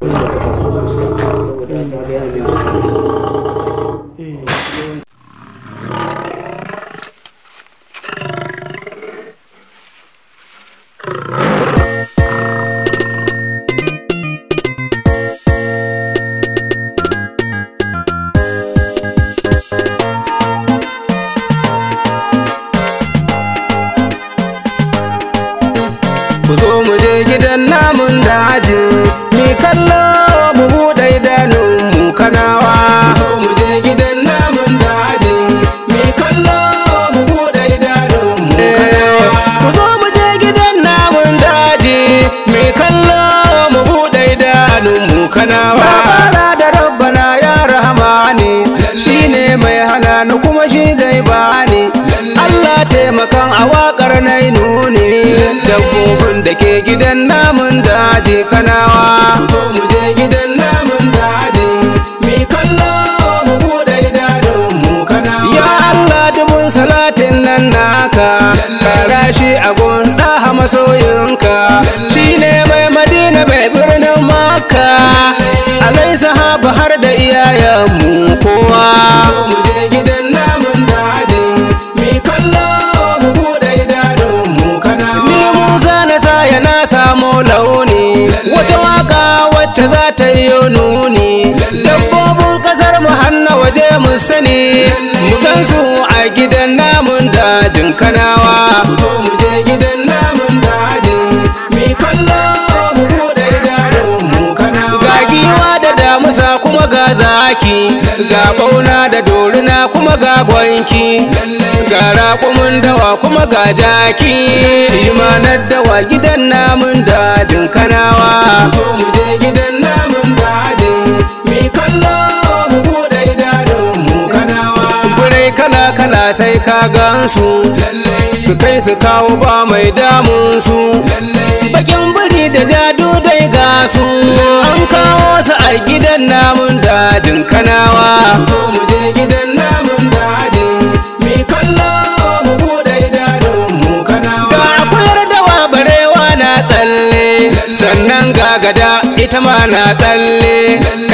ku zo mu gidan namun daji mi kallo mu buɗe mu kanawa mu je gidan namun daji mi kallo mu buɗe mu kanawa mu zo mu je gidan namun daji mi kallo mu buɗe mu kanawa da rabbana ya rahmani shine mai hana ni kuma shi zai bani Allah taimakan awakar nai nuni da ke gidan namun daji kanawa mu je gidan namun daji mi kallo mu bude idanun mu kanawa ya Allah dubun salatin nan naka kara shi a gunda masoyinka shine mai madina bai birnin maka alai sahaba har da iyayenmu kowa mu je ya samu launi wata waka wacce za ta yi nuni dabbobin kasar mu hanna waje mun sani mu gansu a gidan namun dajin kanawa baki ga fauna da doruna kuma ga gwanki ga raƙumin dawa kuma ga jaki Imana dawa gidan namun dajin kanawa gidan namun dajin kanawa kala kala sai ka gansu su kai su kawo ba mai damun su bakin bari da jadu dai an kawo su a gidan namun dajin kanawa mu je gidan namun daji mi kallo mu bude idanun mu kanawa ga akwai dawa barewa na tsalle sannan ga gada ita na tsalle